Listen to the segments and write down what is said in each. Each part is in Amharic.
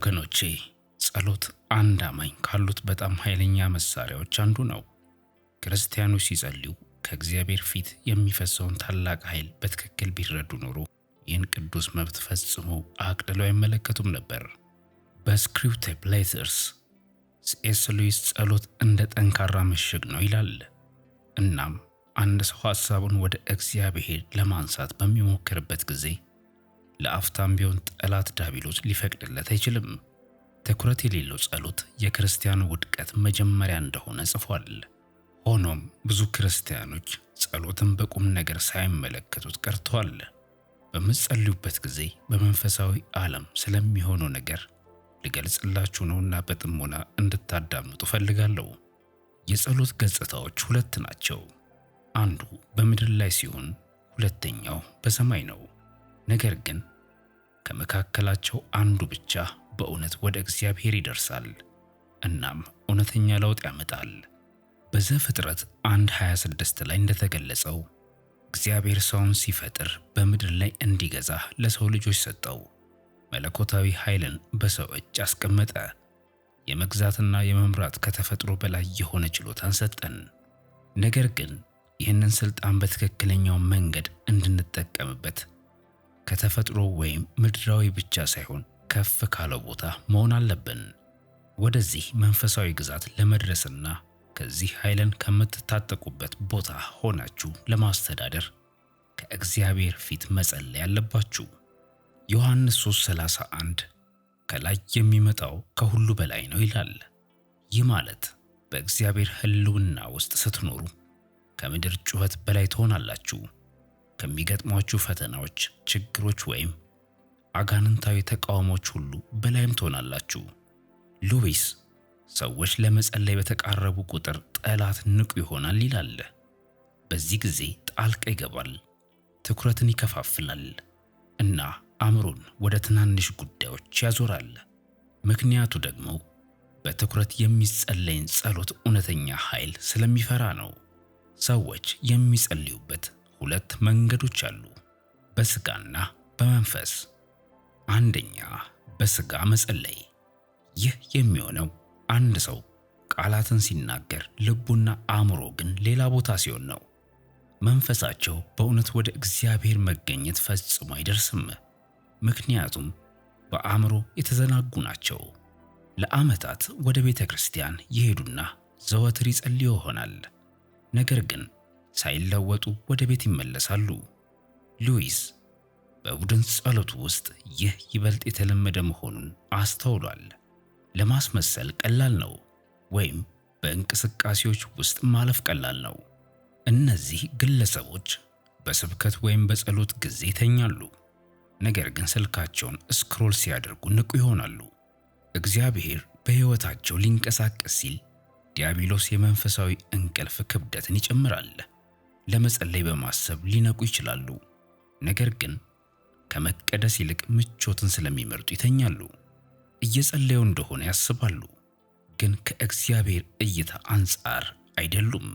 ወገኖቼ ጸሎት አንድ አማኝ ካሉት በጣም ኃይለኛ መሳሪያዎች አንዱ ነው። ክርስቲያኖች ሲጸልዩ ከእግዚአብሔር ፊት የሚፈሰውን ታላቅ ኃይል በትክክል ቢረዱ ኖሮ ይህን ቅዱስ መብት ፈጽሞ አቅልለው አይመለከቱም ነበር። በስክሪው ቴፕ ሌተርስ ሲኤስ ሉዊስ ጸሎት እንደ ጠንካራ ምሽግ ነው ይላል። እናም አንድ ሰው ሐሳቡን ወደ እግዚአብሔር ለማንሳት በሚሞክርበት ጊዜ ለአፍታም ቢሆን ጠላት ዲያብሎስ ሊፈቅድለት አይችልም። ትኩረት የሌለው ጸሎት የክርስቲያን ውድቀት መጀመሪያ እንደሆነ ጽፏል። ሆኖም ብዙ ክርስቲያኖች ጸሎትን በቁም ነገር ሳይመለከቱት ቀርተዋል። በምትጸልዩበት ጊዜ በመንፈሳዊ ዓለም ስለሚሆነው ነገር ልገልጽላችሁ ነውና በጥሞና እንድታዳምጡ ፈልጋለሁ። የጸሎት ገጽታዎች ሁለት ናቸው። አንዱ በምድር ላይ ሲሆን ሁለተኛው በሰማይ ነው። ነገር ግን ከመካከላቸው አንዱ ብቻ በእውነት ወደ እግዚአብሔር ይደርሳል እናም እውነተኛ ለውጥ ያመጣል። በዘፍጥረት 1:26 ላይ እንደተገለጸው እግዚአብሔር ሰውን ሲፈጥር በምድር ላይ እንዲገዛ ለሰው ልጆች ሰጠው። መለኮታዊ ኃይልን በሰው እጅ አስቀመጠ። የመግዛትና የመምራት ከተፈጥሮ በላይ የሆነ ችሎታን ሰጠን። ነገር ግን ይህንን ስልጣን በትክክለኛው መንገድ እንድንጠቀምበት ከተፈጥሮ ወይም ምድራዊ ብቻ ሳይሆን ከፍ ካለው ቦታ መሆን አለብን። ወደዚህ መንፈሳዊ ግዛት ለመድረስና ከዚህ ኃይልን ከምትታጠቁበት ቦታ ሆናችሁ ለማስተዳደር ከእግዚአብሔር ፊት መጸለይ አለባችሁ። ዮሐንስ 3:31 ከላይ የሚመጣው ከሁሉ በላይ ነው ይላል። ይህ ማለት በእግዚአብሔር ሕልውና ውስጥ ስትኖሩ ከምድር ጩኸት በላይ ትሆናላችሁ። ከሚገጥሟችሁ ፈተናዎች፣ ችግሮች ወይም አጋንንታዊ ተቃውሞች ሁሉ በላይም ትሆናላችሁ። ሉዊስ ሰዎች ለመጸለይ በተቃረቡ ቁጥር ጠላት ንቁ ይሆናል ይላል። በዚህ ጊዜ ጣልቃ ይገባል፣ ትኩረትን ይከፋፍላል እና አእምሮን ወደ ትናንሽ ጉዳዮች ያዞራል። ምክንያቱ ደግሞ በትኩረት የሚጸለይን ጸሎት እውነተኛ ኃይል ስለሚፈራ ነው። ሰዎች የሚጸልዩበት ሁለት መንገዶች አሉ፣ በስጋና በመንፈስ። አንደኛ በስጋ መጸለይ። ይህ የሚሆነው አንድ ሰው ቃላትን ሲናገር ልቡና አእምሮ ግን ሌላ ቦታ ሲሆን ነው። መንፈሳቸው በእውነት ወደ እግዚአብሔር መገኘት ፈጽሞ አይደርስም፣ ምክንያቱም በአእምሮ የተዘናጉ ናቸው። ለዓመታት ወደ ቤተ ክርስቲያን ይሄዱና ዘወትር ይጸልዩ ይሆናል፣ ነገር ግን ሳይለወጡ ወደ ቤት ይመለሳሉ። ሉዊስ በቡድን ጸሎቱ ውስጥ ይህ ይበልጥ የተለመደ መሆኑን አስተውሏል። ለማስመሰል ቀላል ነው፣ ወይም በእንቅስቃሴዎች ውስጥ ማለፍ ቀላል ነው። እነዚህ ግለሰቦች በስብከት ወይም በጸሎት ጊዜ ይተኛሉ፣ ነገር ግን ስልካቸውን ስክሮል ሲያደርጉ ንቁ ይሆናሉ። እግዚአብሔር በሕይወታቸው ሊንቀሳቀስ ሲል ዲያብሎስ የመንፈሳዊ እንቅልፍ ክብደትን ይጨምራል። ለመጸለይ በማሰብ ሊነቁ ይችላሉ። ነገር ግን ከመቀደስ ይልቅ ምቾትን ስለሚመርጡ ይተኛሉ። እየጸለዩ እንደሆነ ያስባሉ፣ ግን ከእግዚአብሔር እይታ አንጻር አይደሉም።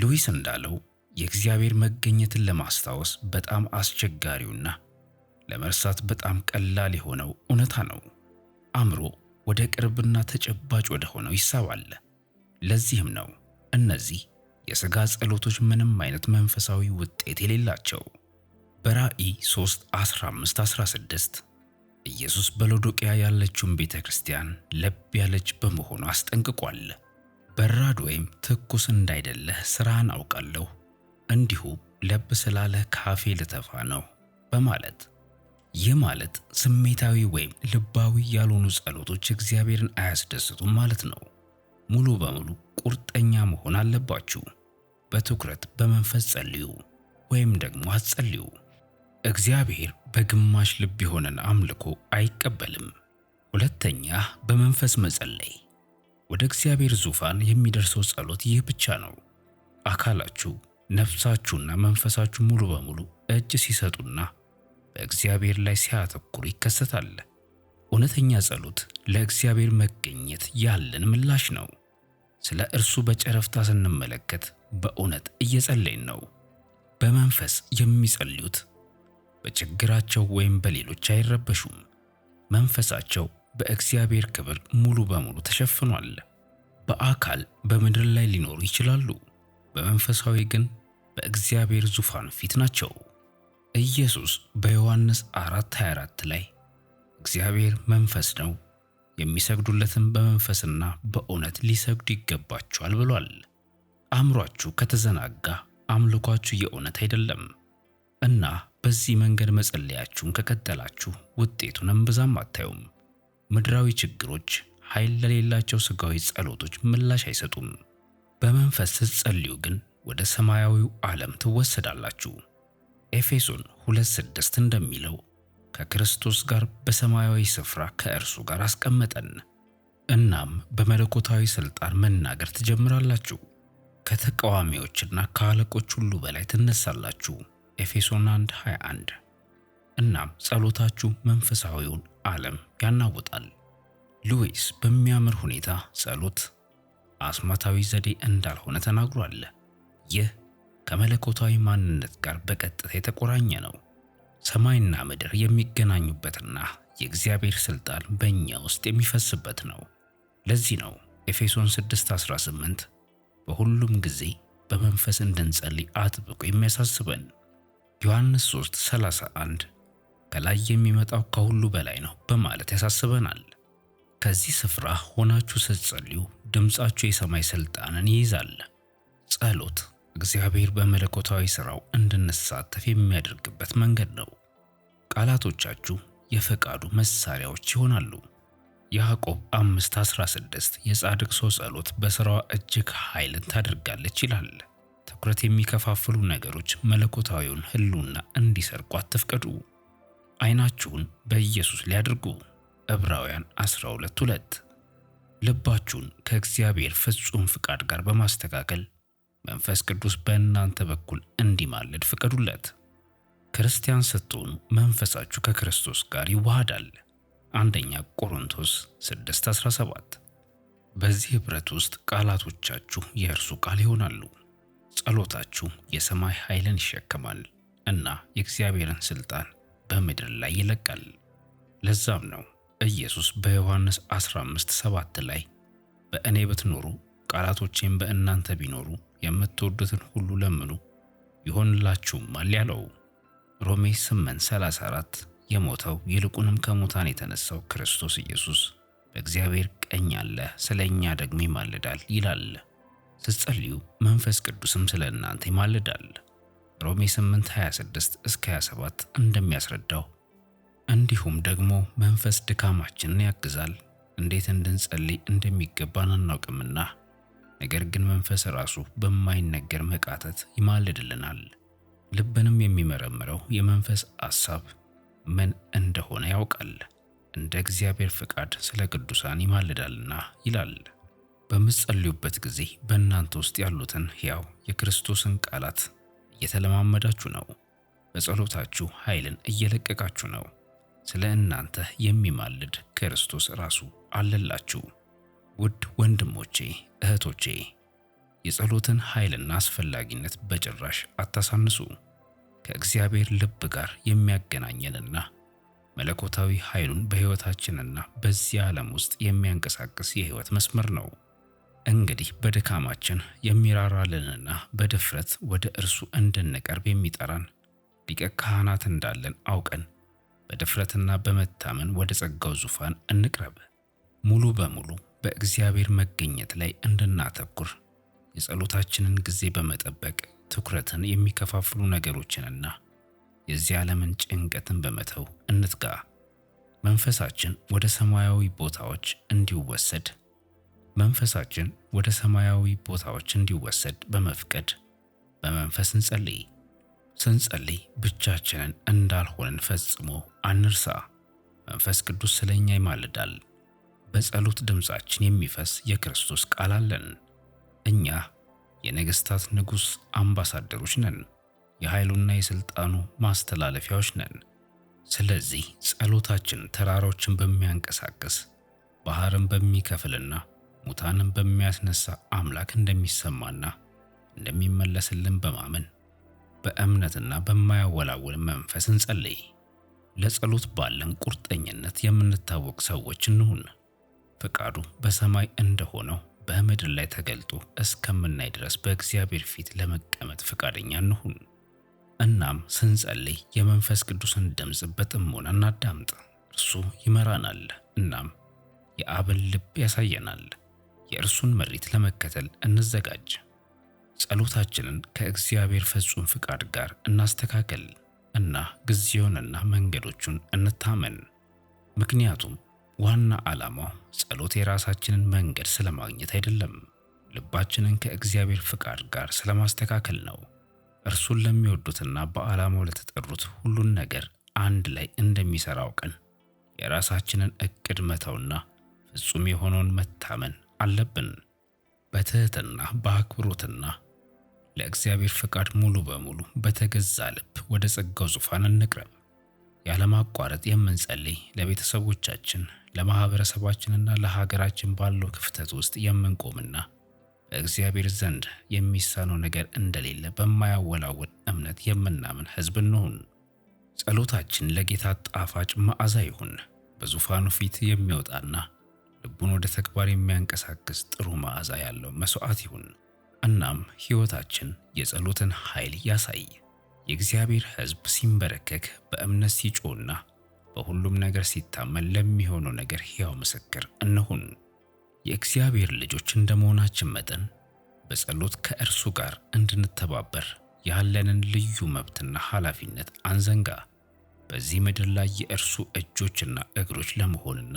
ሉዊስ እንዳለው የእግዚአብሔር መገኘትን ለማስታወስ በጣም አስቸጋሪውና ለመርሳት በጣም ቀላል የሆነው እውነታ ነው። አእምሮ ወደ ቅርብና ተጨባጭ ወደ ሆነው ይሳባል። ለዚህም ነው እነዚህ የሥጋ ጸሎቶች ምንም አይነት መንፈሳዊ ውጤት የሌላቸው። በራእይ 3 15 16 ኢየሱስ በሎዶቅያ ያለችውን ቤተ ክርስቲያን ለብ ያለች በመሆኑ አስጠንቅቋል። በራድ ወይም ትኩስ እንዳይደለህ ሥራን አውቃለሁ፣ እንዲሁ ለብ ስላለ ካፌ ልተፋ ነው በማለት ይህ ማለት ስሜታዊ ወይም ልባዊ ያልሆኑ ጸሎቶች እግዚአብሔርን አያስደስቱም ማለት ነው። ሙሉ በሙሉ ቁርጠኛ መሆን አለባችሁ። በትኩረት በመንፈስ ጸልዩ ወይም ደግሞ አትጸልዩ። እግዚአብሔር በግማሽ ልብ የሆነን አምልኮ አይቀበልም። ሁለተኛ፣ በመንፈስ መጸለይ። ወደ እግዚአብሔር ዙፋን የሚደርሰው ጸሎት ይህ ብቻ ነው። አካላችሁ ነፍሳችሁና መንፈሳችሁ ሙሉ በሙሉ እጅ ሲሰጡና በእግዚአብሔር ላይ ሲያተኩሩ ይከሰታል። እውነተኛ ጸሎት ለእግዚአብሔር መገኘት ያለን ምላሽ ነው። ስለ እርሱ በጨረፍታ ስንመለከት በእውነት እየጸለይን ነው። በመንፈስ የሚጸልዩት በችግራቸው ወይም በሌሎች አይረበሹም። መንፈሳቸው በእግዚአብሔር ክብር ሙሉ በሙሉ ተሸፍኗል። በአካል በምድር ላይ ሊኖሩ ይችላሉ፣ በመንፈሳዊ ግን በእግዚአብሔር ዙፋን ፊት ናቸው። ኢየሱስ በዮሐንስ 4:24 ላይ እግዚአብሔር መንፈስ ነው የሚሰግዱለትም በመንፈስና በእውነት ሊሰግዱ ይገባቸዋል ብሏል። አእምሯችሁ ከተዘናጋ አምልኳችሁ የእውነት አይደለም እና በዚህ መንገድ መጸለያችሁን ከቀጠላችሁ ውጤቱን እምብዛም አታዩም። ምድራዊ ችግሮች ኃይል ለሌላቸው ሥጋዊ ጸሎቶች ምላሽ አይሰጡም። በመንፈስ ስትጸልዩ ግን ወደ ሰማያዊው ዓለም ትወሰዳላችሁ። ኤፌሶን 2:6 እንደሚለው ከክርስቶስ ጋር በሰማያዊ ስፍራ ከእርሱ ጋር አስቀመጠን። እናም በመለኮታዊ ሥልጣን መናገር ትጀምራላችሁ። ከተቃዋሚዎችና ከአለቆች ሁሉ በላይ ትነሳላችሁ። ኤፌሶን 1 21 እናም ጸሎታችሁ መንፈሳዊውን ዓለም ያናውጣል። ሉዊስ በሚያምር ሁኔታ ጸሎት አስማታዊ ዘዴ እንዳልሆነ ተናግሯል። ይህ ከመለኮታዊ ማንነት ጋር በቀጥታ የተቆራኘ ነው። ሰማይና ምድር የሚገናኙበትና የእግዚአብሔር ስልጣን በእኛ ውስጥ የሚፈስበት ነው። ለዚህ ነው ኤፌሶን 6:18 በሁሉም ጊዜ በመንፈስ እንድንጸልይ አጥብቆ የሚያሳስበን። ዮሐንስ 3:31 ከላይ የሚመጣው ከሁሉ በላይ ነው በማለት ያሳስበናል። ከዚህ ስፍራ ሆናችሁ ስትጸልዩ ድምፃችሁ የሰማይ ስልጣንን ይይዛል። ጸሎት እግዚአብሔር በመለኮታዊ ሥራው እንድንሳተፍ የሚያደርግበት መንገድ ነው። ቃላቶቻችሁ የፈቃዱ መሳሪያዎች ይሆናሉ። ያዕቆብ 5:16 የጻድቅ ሰው ጸሎት በሥራዋ እጅግ ኃይልን ታደርጋለች ይላል። ትኩረት የሚከፋፍሉ ነገሮች መለኮታዊውን ሕልውና እንዲሰርቁ አትፍቀዱ። ዓይናችሁን በኢየሱስ ላይ አድርጉ። ዕብራውያን 12:2 ልባችሁን ከእግዚአብሔር ፍጹም ፍቃድ ጋር በማስተካከል መንፈስ ቅዱስ በእናንተ በኩል እንዲማልድ ፍቀዱለት። ክርስቲያን ስትሆኑ መንፈሳችሁ ከክርስቶስ ጋር ይዋሃዳል። አንደኛ ቆሮንቶስ 6:17 በዚህ ኅብረት ውስጥ ቃላቶቻችሁ የእርሱ ቃል ይሆናሉ። ጸሎታችሁ የሰማይ ኃይልን ይሸከማል እና የእግዚአብሔርን ሥልጣን በምድር ላይ ይለቃል። ለዛም ነው ኢየሱስ በዮሐንስ 15:7 ላይ በእኔ ብትኖሩ ቃላቶቼም በእናንተ ቢኖሩ የምትወዱትን ሁሉ ለምኑ ይሆንላችሁማል ያለው። ሮሜ 34 የሞተው ይልቁንም ከሙታን የተነሳው ክርስቶስ ኢየሱስ በእግዚአብሔር ቀኝ አለ፣ ስለ እኛ ደግሞ ይማልዳል ይላል። ስትጸልዩ መንፈስ ቅዱስም ስለ እናንተ ይማልዳል። ሮሜ 26 እስከ 27 እንደሚያስረዳው እንዲሁም ደግሞ መንፈስ ድካማችንን ያግዛል፣ እንዴት እንድንጸልይ እንደሚገባን አናውቅምና፣ ነገር ግን መንፈስ ራሱ በማይነገር መቃተት ይማልድልናል። ልብንም የሚመረምረው የመንፈስ አሳብ ምን እንደሆነ ያውቃል፣ እንደ እግዚአብሔር ፍቃድ ስለ ቅዱሳን ይማልዳልና ይላል። በምትጸልዩበት ጊዜ በእናንተ ውስጥ ያሉትን ሕያው የክርስቶስን ቃላት እየተለማመዳችሁ ነው። በጸሎታችሁ ኃይልን እየለቀቃችሁ ነው። ስለ እናንተ የሚማልድ ክርስቶስ ራሱ አለላችሁ። ውድ ወንድሞቼ እህቶቼ የጸሎትን ኃይልና አስፈላጊነት በጭራሽ አታሳንሱ። ከእግዚአብሔር ልብ ጋር የሚያገናኘንና መለኮታዊ ኃይሉን በሕይወታችንና በዚህ ዓለም ውስጥ የሚያንቀሳቅስ የሕይወት መስመር ነው። እንግዲህ በድካማችን የሚራራልንና በድፍረት ወደ እርሱ እንድንቀርብ የሚጠራን ሊቀ ካህናት እንዳለን አውቀን በድፍረትና በመታመን ወደ ጸጋው ዙፋን እንቅረብ። ሙሉ በሙሉ በእግዚአብሔር መገኘት ላይ እንድናተኩር የጸሎታችንን ጊዜ በመጠበቅ ትኩረትን የሚከፋፍሉ ነገሮችንና የዚህ ዓለምን ጭንቀትን በመተው እንትጋ። መንፈሳችን ወደ ሰማያዊ ቦታዎች እንዲወሰድ መንፈሳችን ወደ ሰማያዊ ቦታዎች እንዲወሰድ በመፍቀድ በመንፈስ እንጸልይ። ስንጸልይ ብቻችንን እንዳልሆንን ፈጽሞ አንርሳ። መንፈስ ቅዱስ ስለኛ ይማልዳል። በጸሎት ድምፃችን የሚፈስ የክርስቶስ ቃል አለን። እኛ የነገስታት ንጉስ አምባሳደሮች ነን፣ የኃይሉና የሥልጣኑ ማስተላለፊያዎች ነን። ስለዚህ ጸሎታችን ተራሮችን በሚያንቀሳቅስ ባህርን በሚከፍልና ሙታንን በሚያስነሳ አምላክ እንደሚሰማና እንደሚመለስልን በማመን በእምነትና በማያወላውል መንፈስ እንጸልይ። ለጸሎት ባለን ቁርጠኝነት የምንታወቅ ሰዎች እንሁን። ፈቃዱ በሰማይ እንደሆነው በምድር ላይ ተገልጦ እስከምናይ ድረስ በእግዚአብሔር ፊት ለመቀመጥ ፈቃደኛ እንሁን። እናም ስንጸልይ የመንፈስ ቅዱስን ድምፅ በጥሞና እናዳምጥ። እርሱ ይመራናል፣ እናም የአብን ልብ ያሳየናል። የእርሱን መሪት ለመከተል እንዘጋጅ። ጸሎታችንን ከእግዚአብሔር ፍጹም ፍቃድ ጋር እናስተካከል እና ጊዜውንና መንገዶቹን እንታመን፣ ምክንያቱም ዋና ዓላማው ጸሎት የራሳችንን መንገድ ስለማግኘት አይደለም፣ ልባችንን ከእግዚአብሔር ፍቃድ ጋር ስለማስተካከል ነው። እርሱን ለሚወዱትና በዓላማው ለተጠሩት ሁሉን ነገር አንድ ላይ እንደሚሰራ አውቀን የራሳችንን እቅድ መተውና ፍጹም የሆነውን መታመን አለብን። በትህትና በአክብሮትና ለእግዚአብሔር ፍቃድ ሙሉ በሙሉ በተገዛ ልብ ወደ ጸጋው ዙፋን እንቅረብ። ያለማቋረጥ የምንጸልይ ለቤተሰቦቻችን ለማኅበረሰባችንና ለሀገራችን ባለው ክፍተት ውስጥ የምንቆምና በእግዚአብሔር ዘንድ የሚሳነው ነገር እንደሌለ በማያወላውል እምነት የምናምን ሕዝብ እንሁን። ጸሎታችን ለጌታ ጣፋጭ መዓዛ ይሁን፣ በዙፋኑ ፊት የሚወጣና ልቡን ወደ ተግባር የሚያንቀሳቅስ ጥሩ መዓዛ ያለው መሥዋዕት ይሁን። እናም ሕይወታችን የጸሎትን ኃይል ያሳይ። የእግዚአብሔር ሕዝብ ሲንበረከክ በእምነት ሲጮና በሁሉም ነገር ሲታመን ለሚሆነው ነገር ሕያው ምስክር እንሁን። የእግዚአብሔር ልጆች እንደመሆናችን መጠን በጸሎት ከእርሱ ጋር እንድንተባበር ያለንን ልዩ መብትና ኃላፊነት አንዘንጋ። በዚህ ምድር ላይ የእርሱ እጆችና እግሮች ለመሆንና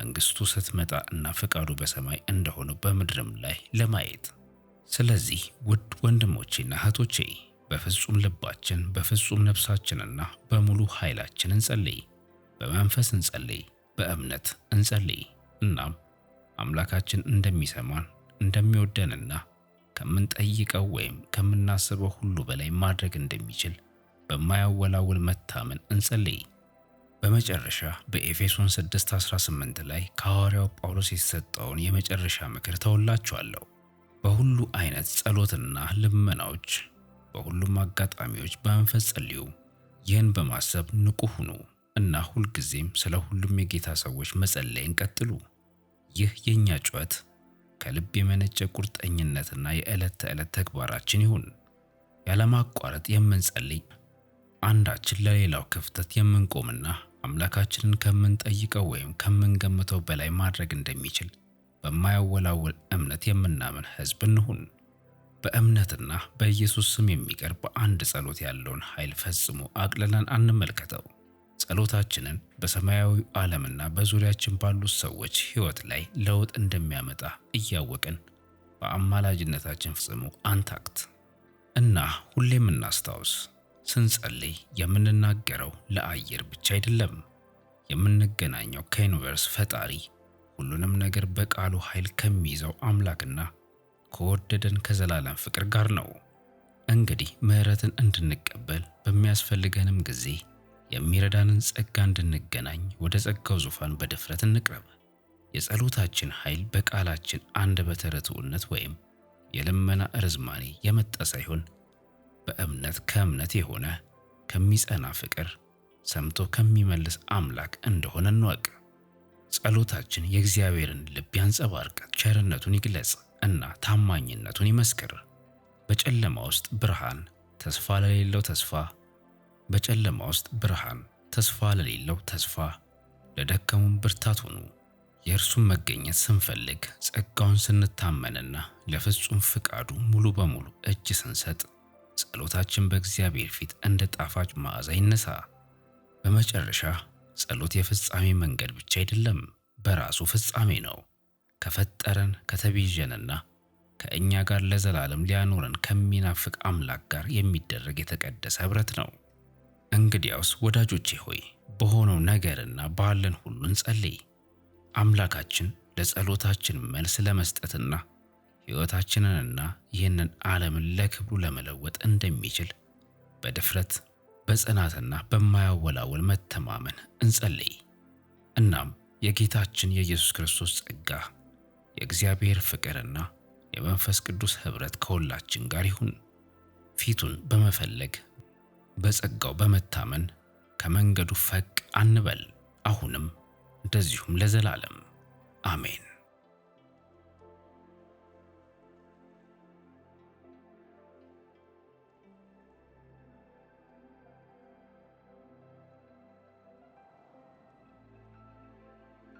መንግሥቱ ስትመጣ እና ፍቃዱ በሰማይ እንደሆነ በምድርም ላይ ለማየት። ስለዚህ ውድ ወንድሞቼና እህቶቼ በፍጹም ልባችን በፍጹም ነፍሳችንና በሙሉ ኃይላችን እንጸልይ። በመንፈስ እንጸልይ፣ በእምነት እንጸልይ። እናም አምላካችን እንደሚሰማን እንደሚወደንና ከምንጠይቀው ወይም ከምናስበው ሁሉ በላይ ማድረግ እንደሚችል በማያወላውል መታመን እንጸልይ። በመጨረሻ በኤፌሶን 6:18 ላይ ከሐዋርያው ጳውሎስ የተሰጠውን የመጨረሻ ምክር ተወላችኋለሁ። በሁሉ አይነት ጸሎትና ልመናዎች በሁሉም አጋጣሚዎች በመንፈስ ጸልዩ። ይህን በማሰብ ንቁ ሁኑ። እና ሁልጊዜም ስለ ሁሉም የጌታ ሰዎች መጸለይን ቀጥሉ። ይህ የእኛ ጩኸት ከልብ የመነጨ ቁርጠኝነትና የዕለት ተዕለት ተግባራችን ይሁን። ያለማቋረጥ የምንጸልይ አንዳችን ለሌላው ክፍተት የምንቆምና አምላካችንን ከምንጠይቀው ወይም ከምንገምተው በላይ ማድረግ እንደሚችል በማያወላወል እምነት የምናምን ሕዝብ እንሁን። በእምነትና በኢየሱስ ስም የሚቀርብ አንድ ጸሎት ያለውን ኃይል ፈጽሞ አቅልለን አንመልከተው። ጸሎታችንን በሰማያዊ ዓለምና በዙሪያችን ባሉት ሰዎች ሕይወት ላይ ለውጥ እንደሚያመጣ እያወቅን በአማላጅነታችን ፍጽሙ አንታክት እና ሁሌም እናስታውስ። ስንጸልይ የምንናገረው ለአየር ብቻ አይደለም። የምንገናኘው ከዩኒቨርስ ፈጣሪ ሁሉንም ነገር በቃሉ ኃይል ከሚይዘው አምላክና ከወደደን ከዘላለም ፍቅር ጋር ነው። እንግዲህ ምሕረትን እንድንቀበል በሚያስፈልገንም ጊዜ የሚረዳንን ጸጋ እንድንገናኝ ወደ ጸጋው ዙፋን በድፍረት እንቅረብ። የጸሎታችን ኃይል በቃላችን አንድ በተረትውነት ወይም የልመና ርዝማኔ የመጣ ሳይሆን በእምነት ከእምነት የሆነ ከሚጸና ፍቅር ሰምቶ ከሚመልስ አምላክ እንደሆነ እንወቅ። ጸሎታችን የእግዚአብሔርን ልብ ያንጸባርቅ፣ ቸርነቱን ይግለጽ እና ታማኝነቱን ይመስክር። በጨለማ ውስጥ ብርሃን፣ ተስፋ ለሌለው ተስፋ በጨለማ ውስጥ ብርሃን፣ ተስፋ ለሌለው ተስፋ፣ ለደከሙም ብርታት ሁኑ። የእርሱን መገኘት ስንፈልግ፣ ጸጋውን ስንታመንና ለፍጹም ፍቃዱ ሙሉ በሙሉ እጅ ስንሰጥ ጸሎታችን በእግዚአብሔር ፊት እንደ ጣፋጭ መዓዛ ይነሳ። በመጨረሻ ጸሎት የፍጻሜ መንገድ ብቻ አይደለም፣ በራሱ ፍጻሜ ነው። ከፈጠረን ከተቤዠንና ከእኛ ጋር ለዘላለም ሊያኖረን ከሚናፍቅ አምላክ ጋር የሚደረግ የተቀደሰ ኅብረት ነው። እንግዲያውስ ወዳጆቼ ሆይ በሆነው ነገርና ባለን ሁሉ እንጸልይ። አምላካችን ለጸሎታችን መልስ ለመስጠትና ሕይወታችንንና ይህንን ዓለምን ለክብሩ ለመለወጥ እንደሚችል በድፍረት በጽናትና በማያወላወል መተማመን እንጸልይ። እናም የጌታችን የኢየሱስ ክርስቶስ ጸጋ፣ የእግዚአብሔር ፍቅርና የመንፈስ ቅዱስ ኅብረት ከሁላችን ጋር ይሁን። ፊቱን በመፈለግ በጸጋው በመታመን ከመንገዱ ፈቅ አንበል አሁንም እንደዚሁም ለዘላለም አሜን።